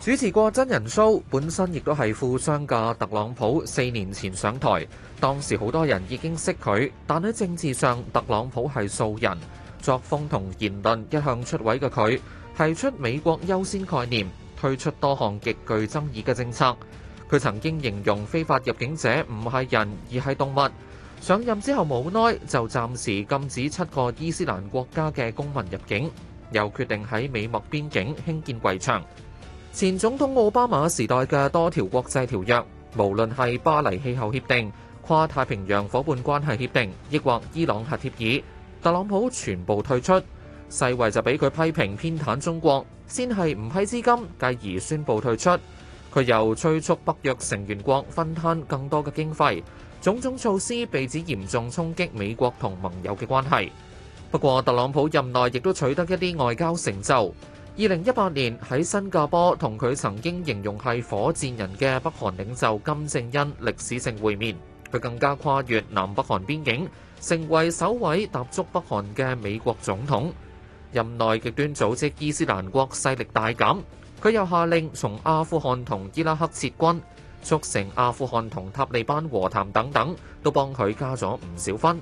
主持過真人 show，本身亦都係富商嘅特朗普四年前上台，當時好多人已經識佢。但喺政治上，特朗普係素人，作風同言論一向出位嘅佢提出美國優先概念，推出多項極具爭議嘅政策。佢曾經形容非法入境者唔係人而係動物。上任之後冇耐就暫時禁止七個伊斯蘭國家嘅公民入境，又決定喺美墨邊境興建圍牆。前總統奧巴馬時代嘅多條國際條約，無論係巴黎氣候協定、跨太平洋伙伴關係協定，抑或伊朗核協議，特朗普全部退出。世衛就俾佢批評偏袒中國，先係唔批資金，繼而宣布退出。佢又催促北約成員國分攤更多嘅經費，種種措施被指嚴重衝擊美國同盟友嘅關係。不過，特朗普任內亦都取得一啲外交成就。二零一八年喺新加坡同佢曾經形容係火箭人嘅北韓領袖金正恩歷史性會面，佢更加跨越南北韓邊境，成為首位踏足北韓嘅美國總統。任內極端組織伊斯蘭國勢力大減，佢又下令從阿富汗同伊拉克撤軍，促成阿富汗同塔利班和談等等，都幫佢加咗唔少分。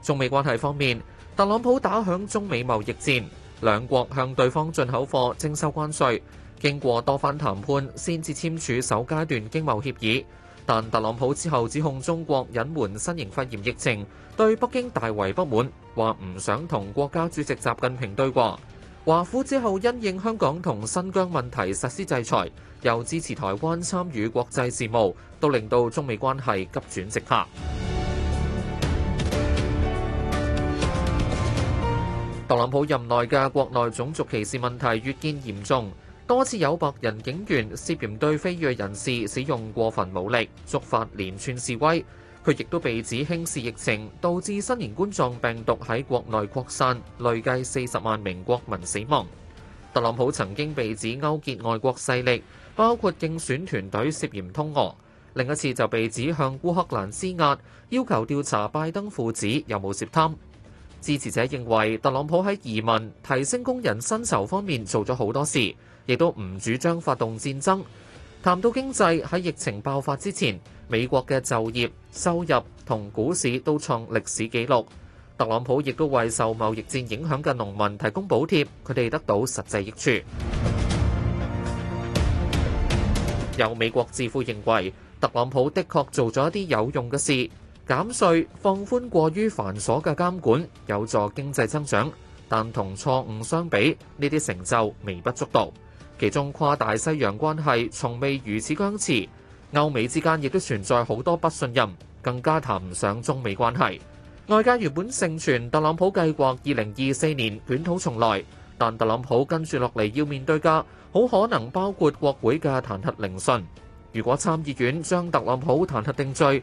中美關係方面，特朗普打響中美貿易戰。兩國向對方進口貨徵收關稅，經過多番談判，先至簽署首階段經貿協議。但特朗普之後指控中國隱瞞新型肺炎疫情，對北京大為不滿，話唔想同國家主席習近平對話。華府之後因應香港同新疆問題實施制裁，又支持台灣參與國際事務，都令到中美關係急轉直下。特朗普任內嘅國內種族歧視問題越見嚴重，多次有白人警員涉嫌對非裔人士使用過分武力，觸發連串示威。佢亦都被指輕視疫情，導致新型冠狀病毒喺國內擴散，累計四十萬名國民死亡。特朗普曾經被指勾結外國勢力，包括競選團隊涉嫌通俄。另一次就被指向烏克蘭施壓，要求調查拜登父子有冇涉貪。支持者認為特朗普喺移民、提升工人薪酬方面做咗好多事，亦都唔主張發動戰爭。談到經濟喺疫情爆發之前，美國嘅就業、收入同股市都創歷史紀錄。特朗普亦都為受貿易戰影響嘅農民提供補貼，佢哋得到實際益處。 有美國智庫認為特朗普的確做咗一啲有用嘅事。減稅、放寬過於繁瑣嘅監管，有助經濟增長，但同錯誤相比，呢啲成就微不足道。其中跨大西洋關係從未如此僵持，歐美之間亦都存在好多不信任，更加談唔上中美關係。外界原本盛傳特朗普計劃二零二四年捲土重來，但特朗普跟住落嚟要面對嘅，好可能包括國會嘅彈劾聆訊。如果參議院將特朗普彈劾定罪，